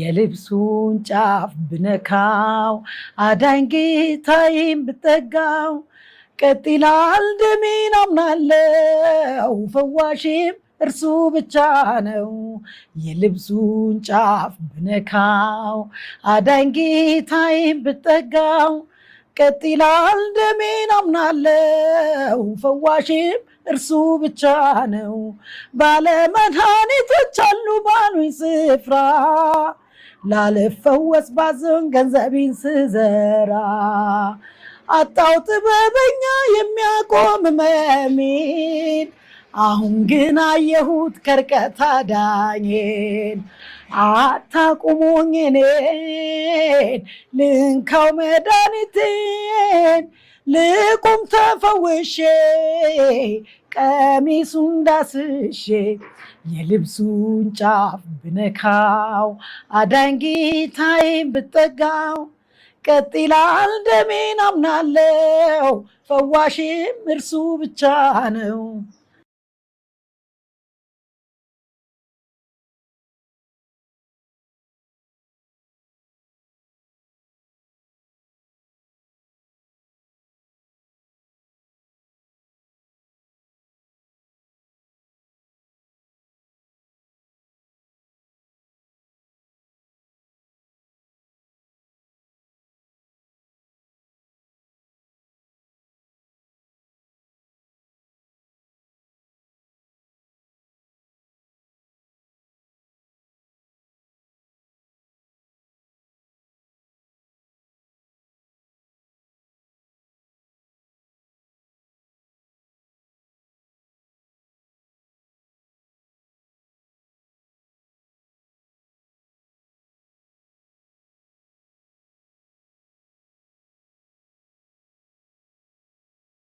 የልብሱን ጫፍ ብነካው አዳኝ ጌታዬን ብጠጋው ቀጢላል ይላል ደሜን አምናለው ፈዋሽም እርሱ ብቻ ነው። የልብሱን ጫፍ ብነካው አዳኝ ጌታዬን ብጠጋው ቀጢላል ደሜን አምናለው ፈዋሽም እርሱ ብቻ ነው። ባለመድኃኒቶች አሉ ባሉኝ ስፍራ ላልፈወስ ባዝን ገንዘቤን ስዘራ አጣው ጥበበኛ የሚያቆም መሚን አሁን ግን አየሁት ከርቀት ዳኝን አታቁሙኝ እኔን ልንካው መድኃኒቴን ልቁም ተፈውሼ ቀሚሱን ዳስሼ የልብሱን ጫፍ ብነካው አዳኝ ጌታዬን ብጠጋው ቀጥ ይላል ደሜን አምናለው ፈዋሽም እርሱ ብቻ ነው።